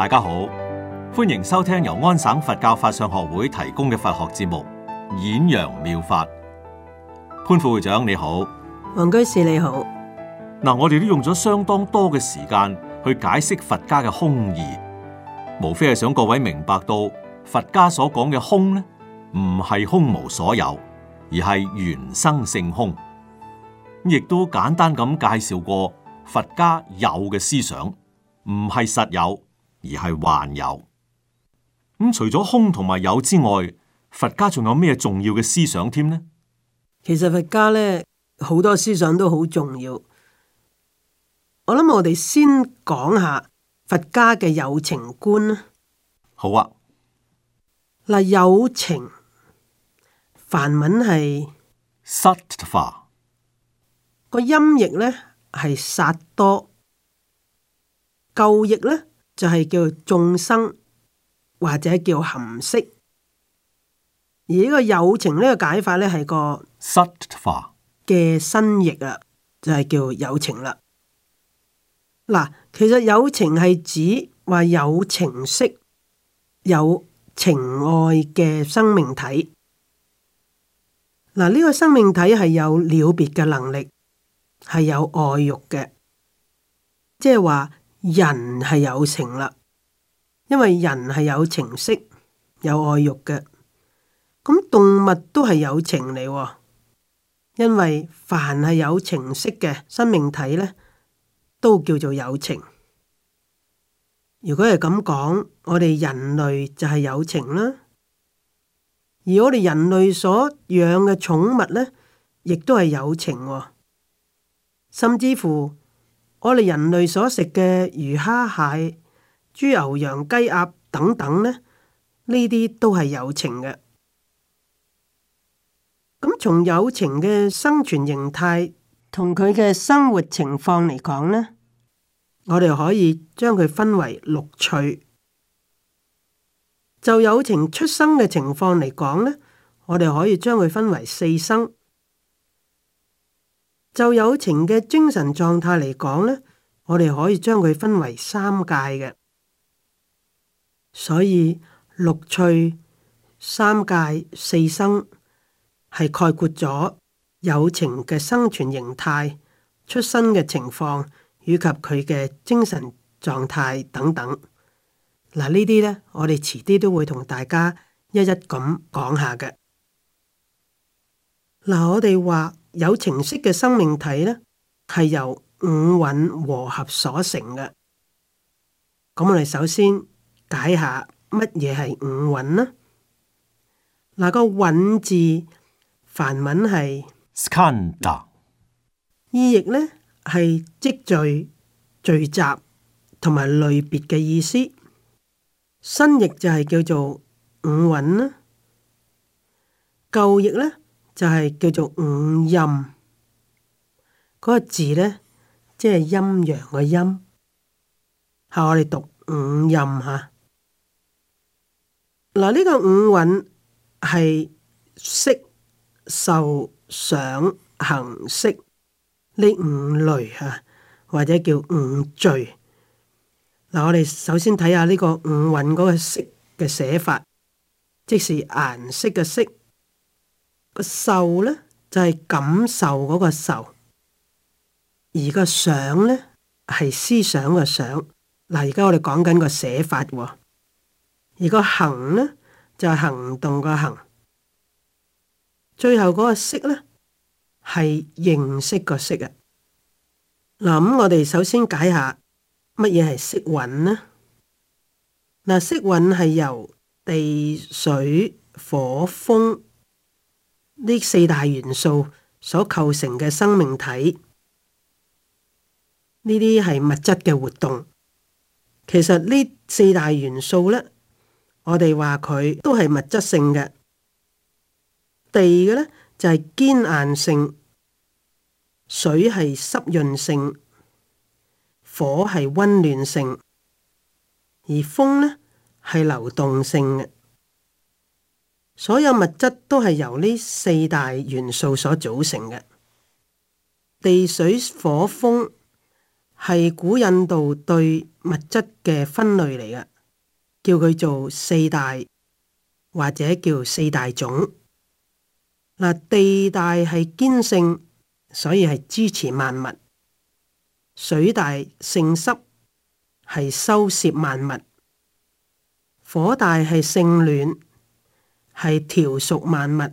大家好，歡迎收聽由安省佛教法相學會提供嘅佛學節目《演揚妙法》。潘副會長你好，黃居士你好。嗱，我哋都用咗相當多嘅時間去解釋佛家嘅空義，無非係想各位明白到佛家所講嘅空呢，唔係空無所有，而係緣生性空。亦都簡單咁介紹過佛家有嘅思想，唔係實有。而係還有。咁除咗空同埋有之外，佛家仲有咩重要嘅思想添呢？其實佛家咧，好多思想都好重要，我諗我哋先講下佛家嘅有情觀啦。好啊，嗱，有情梵文係 sattva，個音譯咧係薩多，舊譯咧。就係叫眾生或者叫含識，而呢個有情呢個解法咧係個薩埵嘅新譯啊，就係、是、叫有情啦。嗱，其實有情係指話有情識、有情愛嘅生命體。嗱，呢、這個生命體係有了別嘅能力，係有愛欲嘅，即係話。人係有情啦，因為人係有情識、有愛欲嘅，咁動物都係有情嚟喎，因為凡係有情識嘅生命體呢，都叫做有情。如果係咁講，我哋人類就係有情啦，而我哋人類所養嘅寵物呢，亦都係有情喎，甚至乎。我哋人類所食嘅魚蝦蟹、豬牛羊雞鴨等等咧，呢啲都係有情嘅。咁從有情嘅生存形態同佢嘅生活情況嚟講呢，我哋可以將佢分為六趣。就有情出生嘅情況嚟講呢，我哋可以將佢分為四生。就有情嘅精神狀態嚟講呢，我哋可以將佢分為三界嘅，所以六趣、三界、四生係概括咗有情嘅生存形態、出生嘅情況以及佢嘅精神狀態等等。嗱，呢啲呢，我哋遲啲都會同大家一一咁講一下嘅。嗱，我哋話。有情識嘅生命體呢，係由五蘊和合所成嘅。咁我哋首先解下乜嘢係五蘊啦。嗱，個蘊字梵文係 skandha，意譯呢係積聚、聚集同埋類別嘅意思。新譯就係叫做五蘊啦，舊譯呢就係叫做五陰嗰，那個字呢，即係陰陽嘅陰，係我哋讀五陰嚇。嗱，呢，這個五蘊係色、受、想、行、識呢五類嚇，或者叫五聚。嗱，我哋首先睇下呢個五蘊嗰個色嘅寫法，即是顏色嘅色。受咧就係感受嗰個受，而個想咧係思想個想。嗱，而家我哋講緊個寫法，而個行咧就係行動個行。最後嗰個識咧係認識個識啊。嗱，咁我哋首先解下乜嘢係色蘊呢？嗱，色蘊係由地、水、火、風。呢四大元素所構成嘅生命體，呢啲係物質嘅活動。其實呢四大元素呢，我哋話佢都係物質性嘅。地嘅呢，就係、是、堅硬性，水係濕潤性，火係温暖性，而風呢，係流動性嘅。所有物質都係由呢四大元素所組成嘅，地水火風係古印度對物質嘅分類嚟嘅，叫佢做四大或者叫四大種。嗱，地大係堅性，所以係支持萬物；水大性濕，係收攝萬物；火大係性暖。係調熟萬物，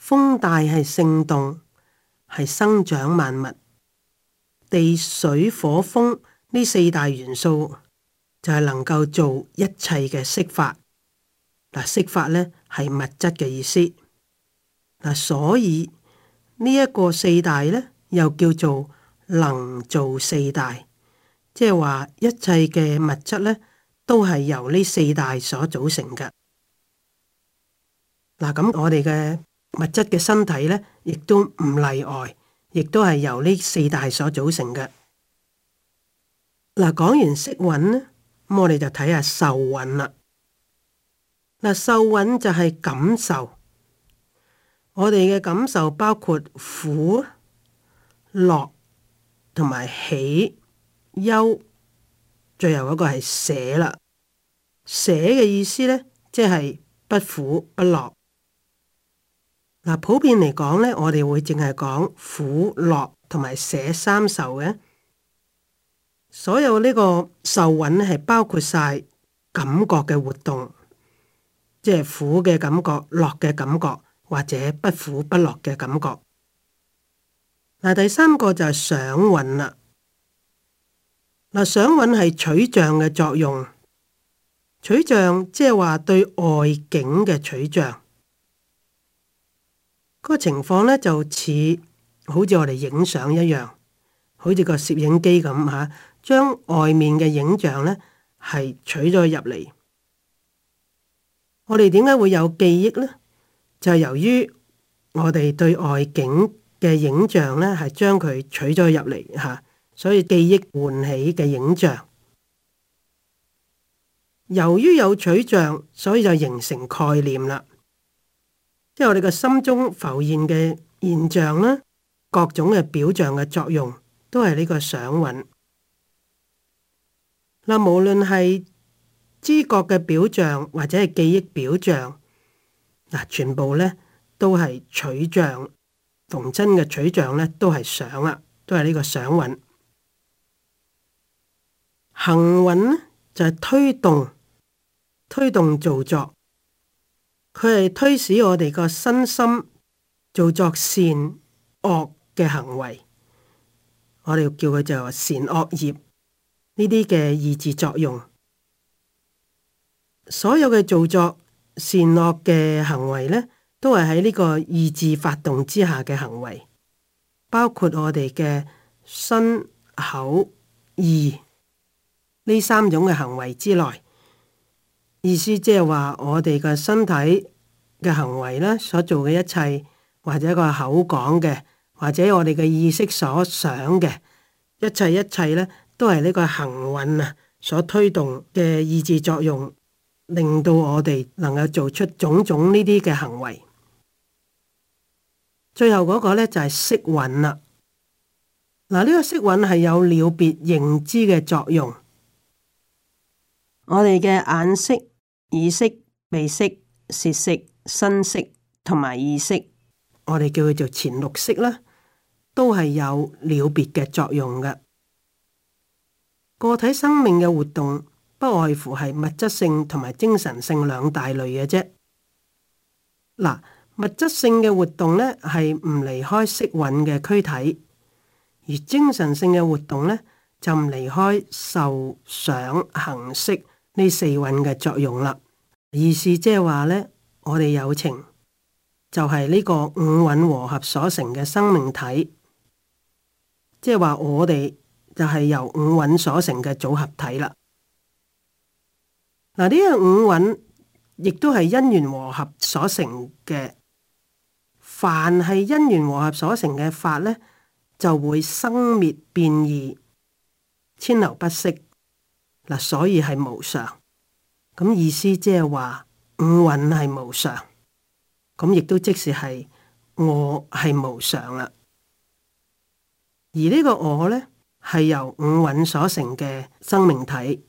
風大係勝動，係生長萬物。地水火風呢四大元素就係能夠做一切嘅色法。嗱，色法呢係物質嘅意思。嗱，所以呢一個四大呢，又叫做能造四大，即係話一切嘅物質呢，都係由呢四大所組成嘅。嗱，咁我哋嘅物質嘅身體呢，亦都唔例外，亦都係由呢四大所組成嘅。嗱，講完色蘊呢，咁我哋就睇下受蘊啦。嗱、啊，受蘊就係感受，我哋嘅感受包括苦、樂、同埋喜、憂，最後嗰個係捨啦。捨嘅意思呢，即係不苦不樂。嗱，普遍嚟講咧，我哋會淨係講苦、樂同埋捨三受嘅。所有呢個受蘊係包括晒感覺嘅活動，即係苦嘅感覺、樂嘅感覺或者不苦不樂嘅感覺。嗱，第三個就係想蘊啦。嗱，想蘊係取象嘅作用，取象即係話對外境嘅取象。嗰個情況咧，就似好似我哋影相一樣，好似個攝影機咁吓，將外面嘅影像咧係取咗入嚟。我哋點解會有記憶呢？就係由於我哋對外景嘅影像咧，係將佢取咗入嚟吓，所以記憶喚起嘅影像。由於有取像，所以就形成概念啦。即係我哋個心中浮現嘅現象啦，各種嘅表象嘅作用，都係呢個想蘊啦。無論係知覺嘅表象或者係記憶表象，嗱，全部咧都係取象同真嘅取象咧，都係想啊，都係呢個想蘊。行蘊就係推動，推動造作。佢係推使我哋個身心做作善惡嘅行為，我哋叫佢做「善惡業」呢啲嘅意志作用。所有嘅做作善惡嘅行為呢，都係喺呢個意志發動之下嘅行為，包括我哋嘅身口意呢三種嘅行為之內。意思即係話我哋嘅身體嘅行為咧，所做嘅一切，或者一個口講嘅，或者我哋嘅意識所想嘅一切，一切咧，都係呢個行蘊啊所推動嘅意志作用，令到我哋能夠做出種種呢啲嘅行為。最後嗰個咧就係識蘊啦。嗱，呢個識蘊係有了別認知嘅作用，我哋嘅眼色。意識、鼻識、舌識、身識同埋意識，我哋叫佢做前六識啦，都係有了別嘅作用嘅。個體生命嘅活動不外乎係物質性同埋精神性兩大類嘅啫。嗱，物質性嘅活動呢係唔離開色蘊嘅軀體，而精神性嘅活動呢就唔離開受想行識呢四蘊嘅作用啦。意思即係話呢，我哋有情就係呢個五蘊和合所成嘅生命體，即係話我哋就係由五蘊所成嘅組合體啦。嗱，呢個五蘊亦都係因緣和合所成嘅，凡係因緣和合所成嘅法呢，就會生滅變異，千流不息。嗱，所以係無常。咁意思即係話五蘊係無常，咁亦都即是係我係無常啦。而呢個我咧係由五蘊所成嘅生命體，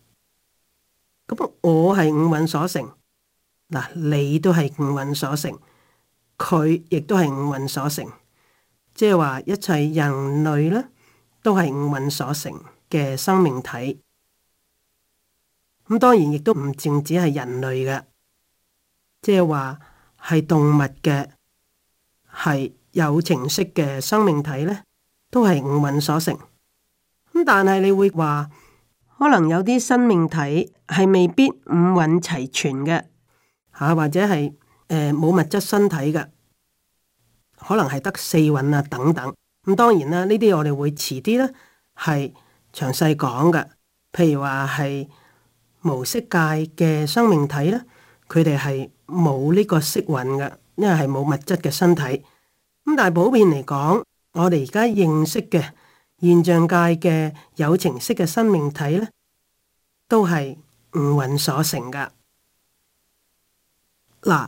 咁、嗯、我係五蘊所成，嗱你都係五蘊所成，佢亦都係五蘊所成，即係話一切人類咧都係五蘊所成嘅生命體。咁當然亦都唔淨止係人類嘅，即係話係動物嘅，係有情識嘅生命體咧，都係五蘊所成。咁但係你會話，可能有啲生命體係未必五蘊齊全嘅，嚇、啊、或者係誒冇物質身體嘅，可能係得四蘊啊等等。咁、嗯、當然啦，呢啲我哋會遲啲咧係詳細講嘅，譬如話係。無色界嘅生命體呢，佢哋係冇呢個色蘊嘅，因為係冇物質嘅身體。咁但係普遍嚟講，我哋而家認識嘅現象界嘅有情色嘅生命體呢，都係五蘊所成嘅。嗱，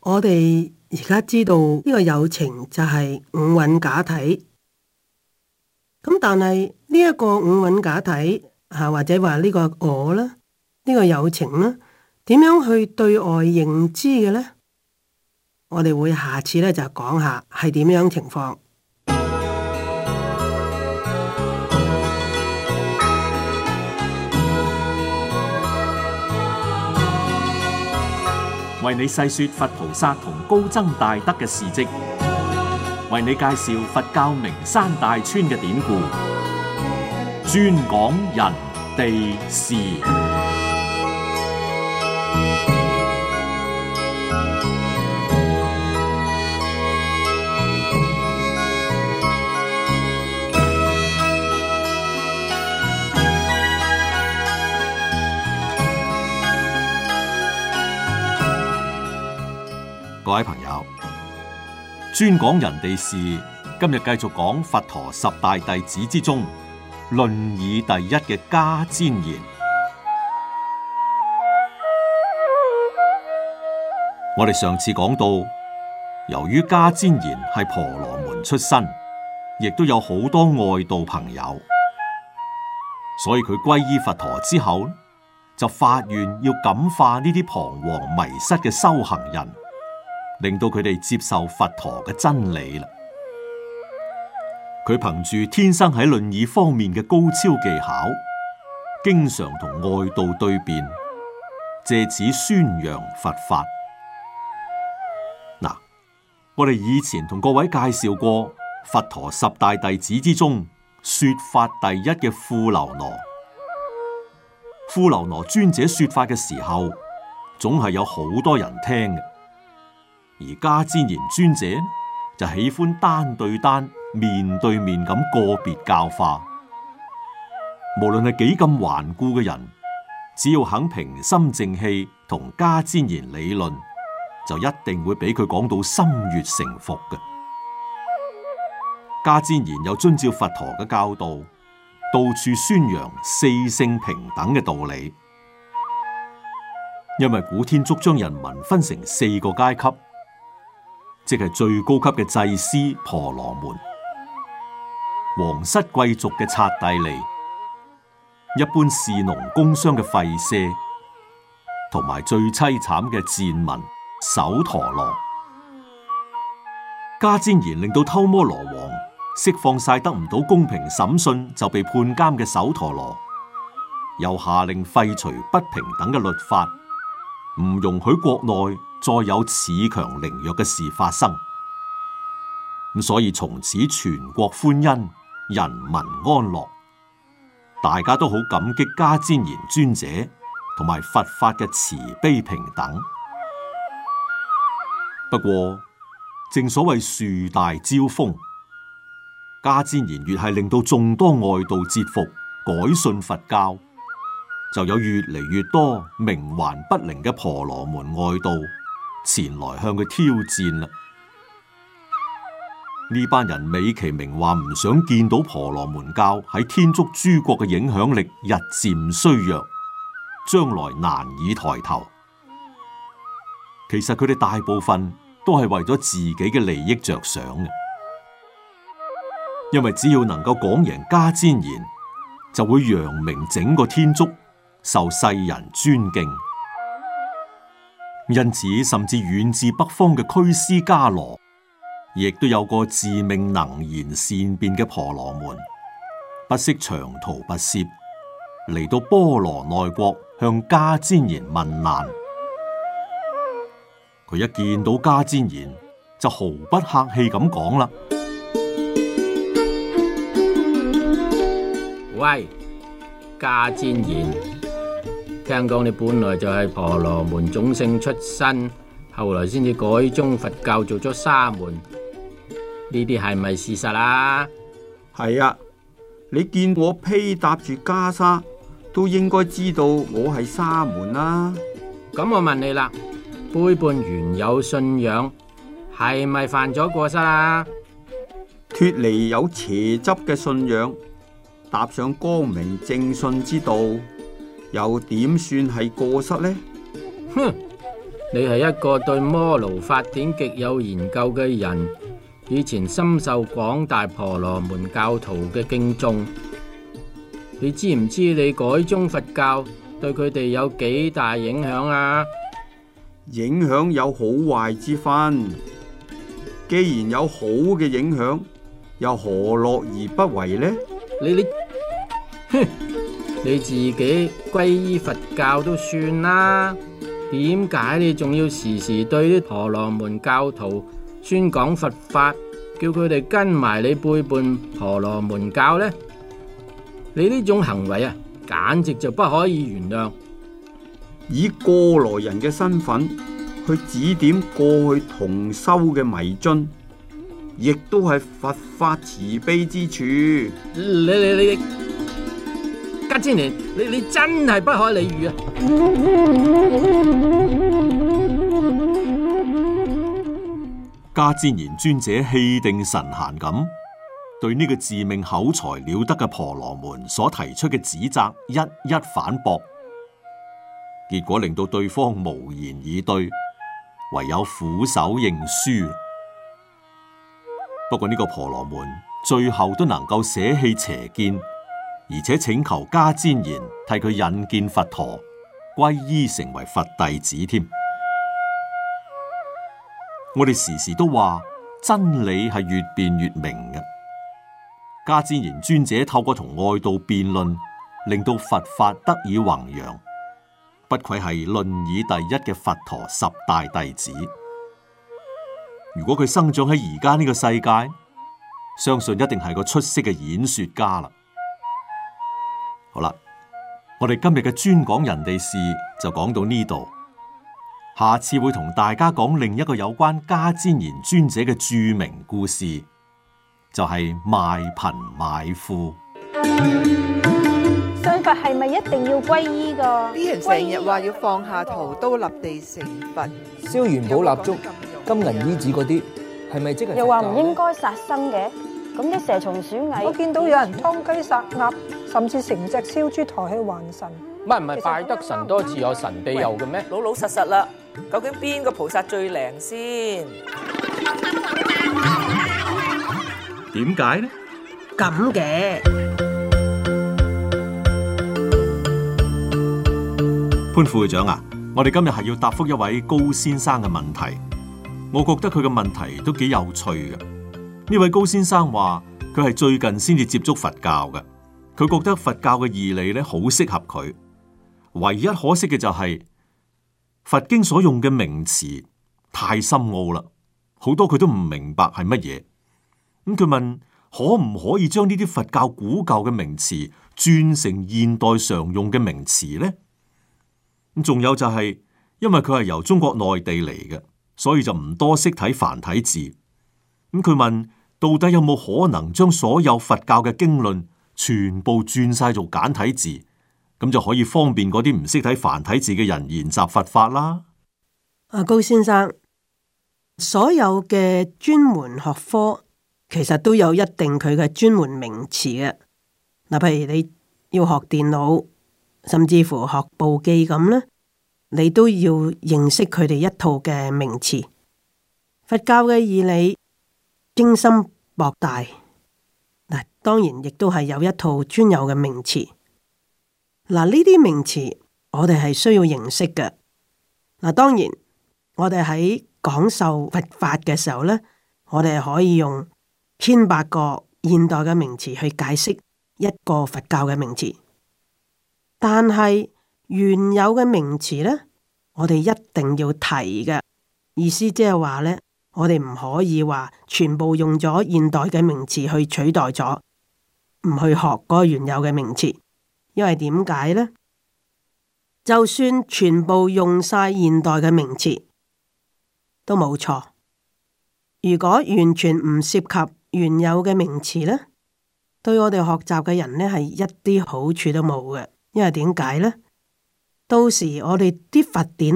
我哋而家知道呢個有情就係五蘊假體。咁但係呢一個五蘊假體。吓或者話呢個我啦，呢個有情啦，點樣去對外認知嘅呢？我哋會下次咧就講下係點樣情況。為你細說佛菩薩同高僧大德嘅事跡，為你介紹佛教名山大川嘅典故。專講人哋事，各位朋友，專講人哋事。今日繼續講佛陀十大弟子之中，論議第一嘅迦旃延，我哋上次講到，由於迦旃延係婆羅門出身，亦都有好多外道朋友，所以佢皈依佛陀之後，就發願要感化呢啲彷徨迷失嘅修行人，令到佢哋接受佛陀嘅真理。佢憑住天生喺論語方面嘅高超技巧，經常同外道對辯，借此宣揚佛法。嗱，我哋以前同各位介紹過佛陀十大弟子之中，說法第一嘅富樓那。富樓那尊者說法嘅時候，總係有好多人聽嘅。而迦旃延尊者就喜歡單對單。面對面咁個別教化，無論係幾咁頑固嘅人，只要肯平心靜氣同迦旃延理論，就一定會俾佢講到心悅誠服嘅。迦旃延又遵照佛陀嘅教導，到處宣揚四姓平等嘅道理。因為古天竺將人民分成四個階級，即係最高級嘅祭司婆羅門。皇室貴族嘅剎帝利，一般士農工商嘅吠舍，同埋最淒慘嘅賤民首陀羅。迦旃延令到偷摩羅王釋放晒得唔到公平審訊就被判監嘅首陀羅，又下令廢除不平等嘅律法，唔容許國內再有恃強凌弱嘅事發生。咁所以從此全國歡欣，人民安樂，大家都好感激迦旃延尊者同埋佛法嘅慈悲平等。不過，正所謂樹大招風，迦旃延越係令到眾多外道折服改信佛教，就有越嚟越多冥頑不靈嘅婆羅門外道前來向佢挑戰啦。呢班人美其名話唔想見到婆羅門教喺天竺諸國嘅影響力日漸衰弱，將來難以抬頭。其實佢哋大部分都係為咗自己嘅利益着想嘅，因為只要能夠講贏迦旃延，就會揚名整個天竺，受世人尊敬。因此，甚至遠至北方嘅屈斯加羅。亦都有個自命能言善辯嘅婆羅門，不惜長途跋涉嚟到波羅奈國向迦旃延問難。佢一見到迦旃延，就毫不客氣咁講啦：喂，迦旃延，聽講你本來就係婆羅門種姓出身，後來先至改宗佛教做咗沙門。呢啲係咪事實啊？係啊，你見我披搭住袈裟，都應該知道我係沙門啦、啊。咁、嗯、我問你啦，背叛原有信仰係咪犯咗過失啊？脫離有邪執嘅信仰，踏上光明正信之道，又點算係過失呢？哼，你係一個對摩奴法典極有研究嘅人。以前深受廣大婆羅門教徒嘅敬重，你知唔知你改宗佛教對佢哋有幾大影響啊？影響有好壞之分，既然有好嘅影響，又何樂而不為呢？你你，哼，你自己歸依佛教都算啦，點解你仲要時時對啲婆羅門教徒？宣講佛法，叫佢哋跟埋你背叛婆羅門教呢？你呢種行為啊，簡直就不可以原諒。以過來人嘅身份去指點過去同修嘅迷津，亦都係佛法慈悲之處。你你你，迦旃延，你你，你，你真係不可理喻。啊。 迦旃延尊者氣定神閒咁對呢個自命口才了得嘅婆羅門所提出嘅指責一一反駁，結果令到對方無言以對，唯有俯首認輸。不過呢個婆羅門最後都能夠捨棄邪見，而且請求迦旃延替佢引薦佛陀，皈依成為佛弟子添。我哋時時都話真理係越辯越明嘅。迦旃延尊者透過同外道辯論，令到佛法得以弘揚，不愧係論議第一嘅佛陀十大弟子。如果佢生長喺而家呢個世界，相信一定係個出色嘅演說家啦。好啦，我哋今日嘅專講人哋事就講到呢度。下次會同大家講另一個有關迦旃延尊者嘅著名故事，就係、是、賣貧買富。信佛係咪一定要皈依噶？啲人成日話要放下屠刀立地成佛，燒元寶、蠟燭、金銀衣紙嗰啲，係咪即係又話唔應該殺生嘅？咁啲蛇蟲鼠蟻，我見到有人劏雞殺鴨，甚至成隻燒豬抬去還神。唔係唔係，拜得神多自有神庇佑嘅咩？老老實實啦～究竟邊個菩薩最靈先？點解呢？咁嘅 潘副會長啊，我哋今日係要答复一位高先生嘅問題。我覺得佢嘅問題都幾有趣嘅。呢位高先生話佢係最近先至接觸佛教嘅，佢覺得佛教嘅義理咧好適合佢。唯一可惜嘅就係、是。佛經所用嘅名詞太深奧啦，好多佢都唔明白係乜嘢。咁佢問可唔可以將呢啲佛教古舊嘅名詞轉成現代常用嘅名詞呢？咁仲有就係因為佢係由中國內地嚟嘅，所以就唔多識睇繁體字。咁佢問到底有冇可能將所有佛教嘅經論全部轉晒做簡體字？咁就可以方便嗰啲唔識睇繁體字嘅人研習佛法啦。阿高先生，所有嘅專門學科其實都有一定佢嘅專門名詞嘅。嗱，譬如你要學電腦，甚至乎學簿記咁呢，你都要認識佢哋一套嘅名詞。佛教嘅義理，精深博大。嗱，當然亦都係有一套專有嘅名詞。嗱，呢啲名詞我哋係需要認識嘅。嗱，當然我哋喺講授佛法嘅時候呢，我哋可以用千百個現代嘅名詞去解釋一個佛教嘅名詞。但係原有嘅名詞呢，我哋一定要提嘅意思，即係話呢，我哋唔可以話全部用咗現代嘅名詞去取代咗，唔去學嗰個原有嘅名詞。因為點解呢？就算全部用晒現代嘅名詞都冇錯。如果完全唔涉及原有嘅名詞呢，對我哋學習嘅人呢係一啲好處都冇嘅。因為點解呢？到時我哋啲佛典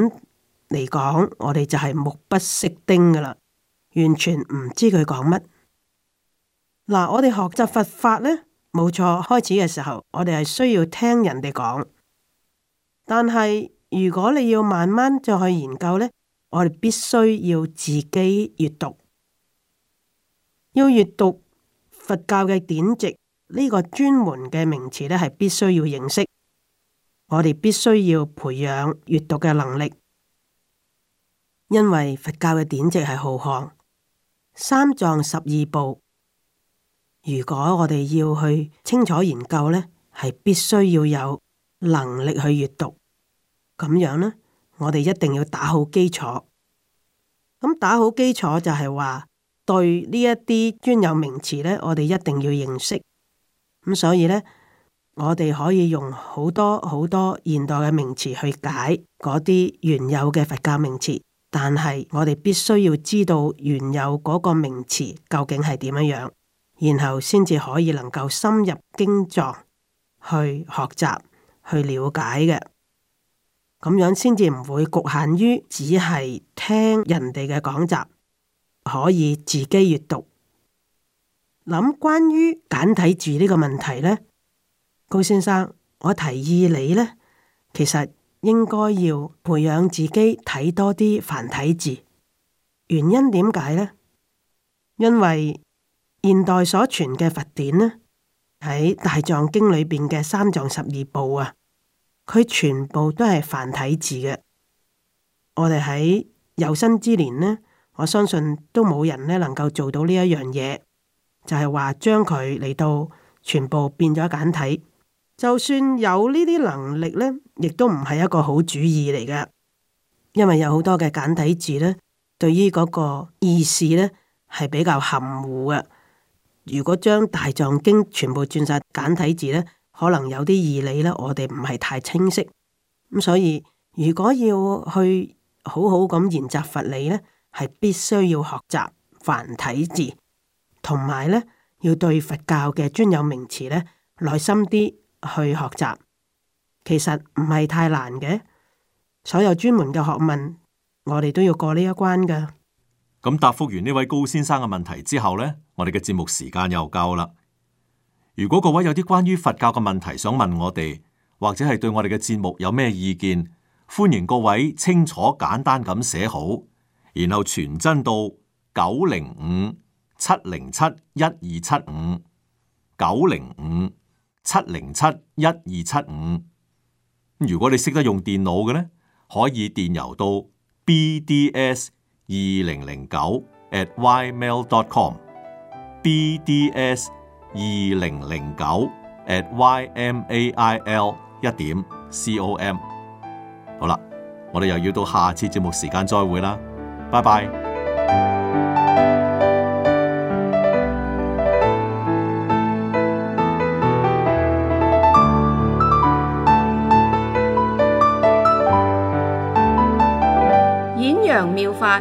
嚟講，我哋就係目不識丁噶啦，完全唔知佢講乜。嗱，我哋學習佛法呢？冇錯，開始嘅時候我哋係需要聽人哋講，但係如果你要慢慢再去研究呢，我哋必須要自己閱讀。要閱讀佛教嘅典籍，呢個專門嘅名詞呢係必須要認識。我哋必須要培養閱讀嘅能力，因為佛教嘅典籍係浩瀚，三藏十二部。如果我哋要去清楚研究呢，係必須要有能力去閱讀，咁樣呢，我哋一定要打好基礎。咁打好基礎就係話對呢一啲專有名詞呢，我哋一定要認識，咁所以呢，我哋可以用好多好多現代嘅名詞去解嗰啲原有嘅佛教名詞，但係我哋必須要知道原有嗰個名詞究竟係點樣樣。然後先至可以能夠深入經藏去學習去了解嘅，咁樣先至唔會局限於只係聽人哋嘅講習，可以自己閱讀。諗關於簡體字呢個問題呢，高先生，我提議你呢，其實應該要培養自己睇多啲繁體字。原因點解呢？因為現代所傳嘅佛典呢，喺大藏經裏邊嘅三藏十二部啊，佢全部都係繁體字嘅。我哋喺有生之年呢，我相信都冇人呢能夠做到呢一樣嘢，就係話將佢嚟到全部變咗簡體。就算有呢啲能力呢，亦都唔係一個好主意嚟嘅，因為有好多嘅簡體字呢，對於嗰個意思呢，係比較含糊嘅。如果將大藏經全部轉晒簡體字呢，可能有啲義理呢，我哋唔係太清晰。咁所以，如果要去好好咁研習佛理呢，係必須要學習繁體字，同埋呢，要對佛教嘅專有名詞呢，耐心啲去學習。其實唔係太難嘅，所有專門嘅學問，我哋都要過呢一關㗎。咁答覆完呢位高先生嘅問題之後呢，我哋嘅節目時間又夠啦。如果各位有啲關於佛教嘅問題想問我哋，或者係對我哋嘅節目有咩意見，歡迎各位清楚簡單咁寫好，然後傳真到九零五七零七一二七五，九零五七零七一二七五。如果你識得用電腦嘅呢，可以電郵到 bds 二零零九 at ymail dot com BDS 二零零九 at ymail 一點 com 好啦，我哋又要到下次節目時間再會啦，拜拜。演揚妙法。